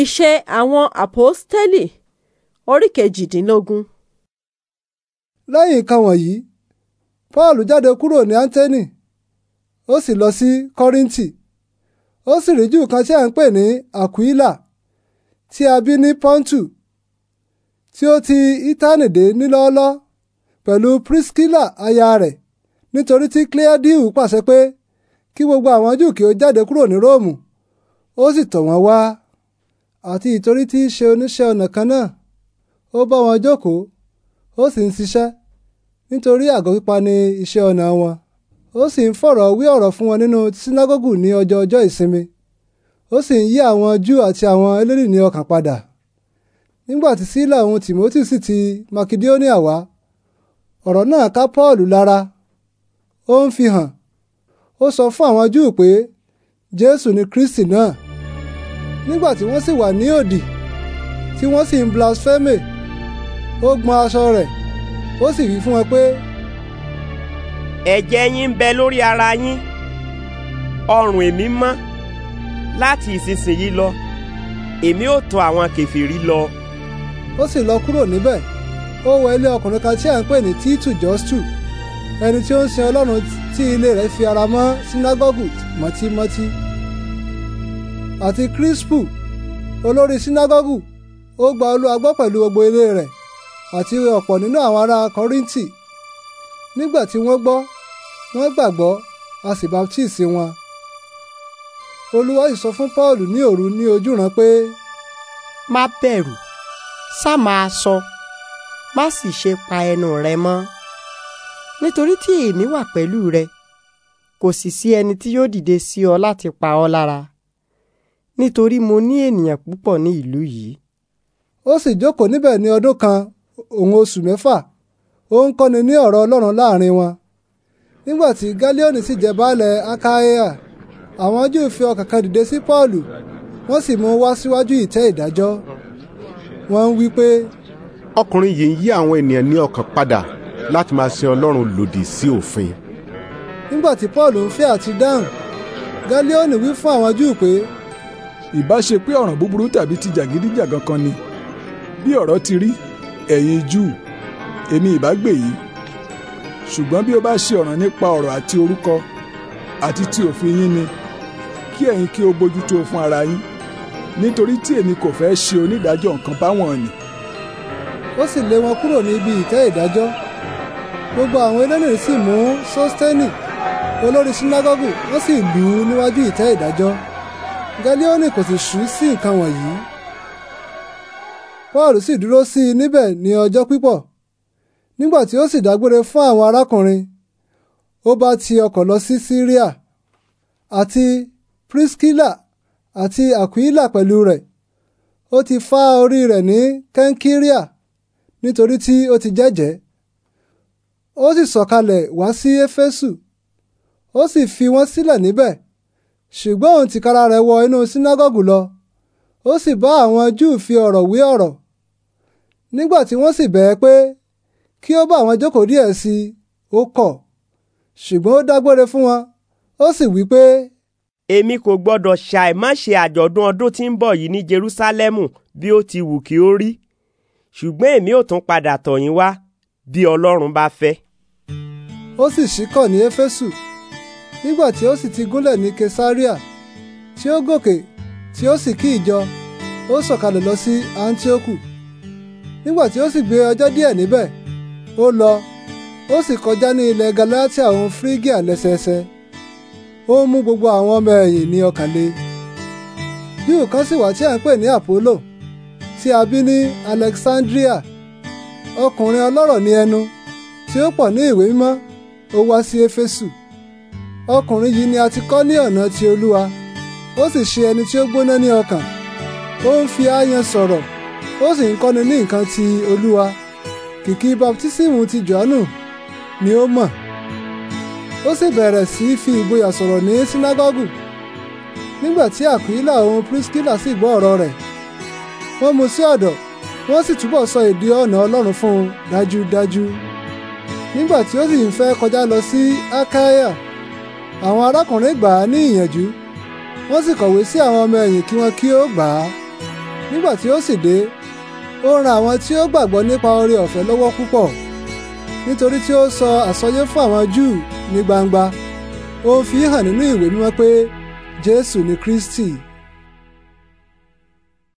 Ìṣe àwọn Àpọ́stélì orí kejìdínlógún. Lẹ́yìn nǹkan wọ̀nyí, Pọ́ọ̀lù jáde kúrò ní Áńténì, ó sì lọ sí Kọ́ríńtì, ó sì rí Júù kan tí à ń pè ní Àkwílà tí a bí ní Pọ́ńtù, tí ó ti Ítánì dé nílọ́ọ́lọ́ pẹ̀lú Priskila aya rẹ̀ nítorí tí Kíládíù pàṣẹ pé kí gbogbo àwọn Júù kí ó jáde kúrò ní Róòmù, ó sì tọ̀ wọ́n wá àti ìtorí tí í ṣe oníṣẹ́ ọnà kan náà ó bá wọn jókòó ó sì ń ṣiṣẹ́ nítorí àgọ́ pípa ni iṣẹ́ ọnà wọn ó sì ń fọ̀rọ̀ wí ọ̀rọ̀ fún wọn nínú sínágógù ní ọjọ́ ọjọ́ ìsinmi ó sì ń yí àwọn júù àti àwọn elédè ní ọkàn padà nígbà tí sílà òun tìmọ́tì sì ti makedóníà wá ọ̀rọ̀ náà ká pọ́ọ̀lù lára ó ń fi hàn ó sọ fún àwọn júù pé jésù ni kristi náà nígbà tí wọ́n sì wà ní òdì tí wọ́n sì ń blaspheme ó gbọn aṣọ rẹ̀ ó sì wí fún wọn pé. ẹ̀jẹ̀ yín ń bẹ lórí ara yín ọrùn èmi mọ́ láti ìsinsìnyí lọ èmi ò tọ̀ àwọn kèfèrí lọ. ó sì lọ kúrò níbẹ̀ ó wọ ilé ọkùnrin kan tí à ń pè ní títù jọ́stù ẹni tí ó ń sin ọlọ́run tí ilé rẹ̀ fi ara mọ́ sínágọ́gù mọ́tímọ́tí àti Kírísípù olórí sínágọ́gù ó gba Olúwa gbọ́ pẹ̀lú gbogbo ilé rẹ̀ àti ọ̀pọ̀ nínú àwọn ará Kọ́ríńtì nígbà tí wọ́n gbọ́ wọ́n gbàgbọ́ a sì baptisi wọn Olúwa sì sọ fún Paul ní òru ní ojúran pé. má bẹ̀rù sá máa sọ má sì ṣe pa ẹnu rẹ mọ́ nítorí tí èmi wà pẹ̀lú rẹ kò sì sí ẹni tí yóò dìde sí ọ láti pa ọ lára. nítorí mo ní ènìyàn púpọ̀ ní ìlú yìí. ó sì jókòó níbẹ̀ ní ọdún kan òun oṣù mẹ́fà ó ń kọ́ni ní ọ̀rọ̀ ọlọ́run láàrin wọn. nígbà tí gálíọ́nì sì jẹ baálẹ̀ akáyà àwọn júù fi ọkàn kan dìde sí pọ́ọ̀lù wọ́n sì mú un wá síwájú ìtẹ́ ìdájọ́ wọ́n ń wí pé. ọkùnrin yìí ń yí àwọn ènìyàn ní ọkàn padà láti máa sin ọlọ́run lòdì sí òfin. nígbà tí pọ́ọ̀lù ń fẹ́ àti dáhùn gálíọ́nì wí fún àwọn júù pé ìbá ṣe pé ọ̀ràn búburú tàbí ti jàgídíjàgan kan ni bí ọ̀rọ̀ ti rí ẹ̀yin Júù èmi ìbá gbè yìí ṣùgbọ́n bí ó bá ṣe ọ̀ràn nípa ọ̀rọ̀ àti orúkọ àti ti òfin yín ni kí ẹ̀yin kí o bójútó fún ara yín nítorí tí èmi kò fẹ́ ṣe onídàájọ́ nǹkan báwọn nì. ó sì lé wọn kúrò ní ìtẹ́ ìdájọ́ gbogbo àwọn eléyìí sì mú sọ́stẹ́nì olórí sínágọ́gù ó sì lù ú níwájú ìtẹ́ ìdájọ́. Galioni kò sì ṣú sí nǹkan wọ̀nyí. Paul sì dúró sí i níbẹ̀ ní ọjọ́ pípọ̀. Nígbà tí ó sì dágbére fún àwọn arákùnrin, ó bá ti ọkọ̀ lọ sí Síríà àti Priskila àti Àkúílà pẹ̀lú rẹ̀. Ó ti fá orí rẹ̀ ní Kẹ́ńkíríà nítorí tí ó ti jẹ́jẹ́. Ó sì sọ̀kalẹ̀ wá sí Éfésù. Ó sì fi wọ́n sílẹ̀ níbẹ̀ ṣùgbọ́n òun tìkára rẹ̀ wọ inú sínágọ́gù lọ ó sì bá àwọn júù fi ọ̀rọ̀ wé ọ̀rọ̀ nígbà tí wọ́n sì bẹ̀ẹ́ pé kí ó bá àwọn jókòó díẹ̀ sí i ó kọ̀ ṣùgbọ́n ó dágbére fún wọn ó sì wí pé. èmi kò gbọ́dọ̀ ṣàì má ṣe àjọ̀dún ọdún tí ń bọ̀ yìí ní Jerúsálẹ́mù bí ó ti wù kí ó rí ṣùgbọ́n èmi ò tún padà tọ̀ yín wá bí Ọlọ́run bá fẹ́. ó sì ṣíkọ̀ ní Éfésù nígbà tí ó sì ti gúnlẹ̀ ní kesaria tí ó gòkè tí ó sì kí ìjọ ó sọ̀kalẹ̀ lọ sí antioku nígbà tí ó sì gbé ọjọ́ díẹ̀ níbẹ̀ ó lọ ó sì kọjá ní ilẹ̀ galatia òun phrygia lẹ́sẹẹsẹ ó mú gbogbo àwọn ọmọ ẹ̀yìn ní ọkàn le júù kan sì wà tí à ń pè ní àpólò tí a bí ní alexandria ọkùnrin ọlọ́rọ̀ ní ẹnu tí ó pọ̀ ní ìwé mímọ́ ó wá sí éfésù ọkùnrin yìí ni a ti kọ́ ní ọ̀nà ti olúwa ó sì ṣe ẹni tí ó gbóná ní ọkàn ó ń fi ááyan sọ̀rọ̀ ó sì ń kọ́ni ní nǹkan ti olúwa kìkì baptisímù ti jọ́nù ni ó mọ̀ ó sì bẹ̀rẹ̀ sí fi ìgboyà sọ̀rọ̀ ní sínágọ́gù nígbà tí àkúílà òun priskila sì gbọ́ ọ̀rọ̀ rẹ̀ wọ́n mú sí ọ̀dọ̀ wọ́n sì túbọ̀ sọ èdè ọ̀nà ọlọ́run fún un dájúdájú nígbà tí ó sì ń fẹ́ kọjá lọ sí akáyà àwọn arákùnrin gbà á ní ìyànjú wọ́n sì kọ̀wé sí àwọn ọmọ ẹ̀yìn kí wọ́n kí ó gbà á nígbà tí ó sì dé ó ran àwọn tí ó gbàgbọ́ nípa oore ọ̀fẹ́ lọ́wọ́ púpọ̀ nítorí tí ó sọ àsọyé fún àwọn júù ní gbangba ó fi hàn nínú ìwé mímọ́ pé jésù ni kristi